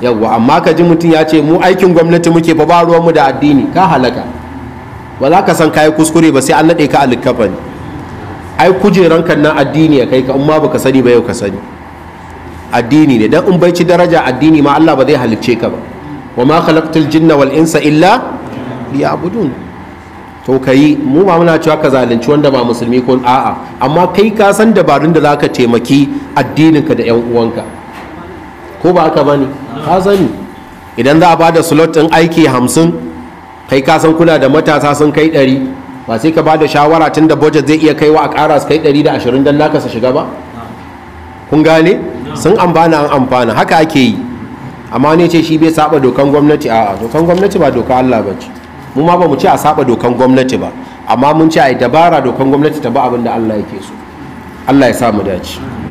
yawwa amma ka ji mutum ya ce mu aikin gwamnati muke fa ba ruwanmu da addini ka halaka ba za ka san kayi kuskure ba sai an naɗe ka alikafa ne ai kujeran kan nan addini ya kai ka umma ba ka sani ba yau ka sani addini ne dan in bai ci daraja addini ma Allah ba zai halicce ka ba wa ma khalaqtul jinna wal insa illa liya'budun to kai mu ba muna cewa ka zalunci wanda ba musulmi ko a'a amma kai ka san dabarun da zaka taimaki addinin ka da yan uwanka ko ba aka bani ka sani idan za a ba da slot din aiki hamsin kai ka san kuna da matasa sun kai ɗari ba sai ka ba da shawara tun da budget zai iya kaiwa a ƙara su kai ɗari da ashirin don naka su shiga ba kun gane sun amfana an amfana haka ake yi amma ne ce shi bai saba dokan gwamnati a'a dokan gwamnati ba doka Allah ba ce mu ma ba mu ce a saba dokan gwamnati ba amma mun ce a yi dabara dokan gwamnati ta ba abin da Allah yake so Allah ya sa mu dace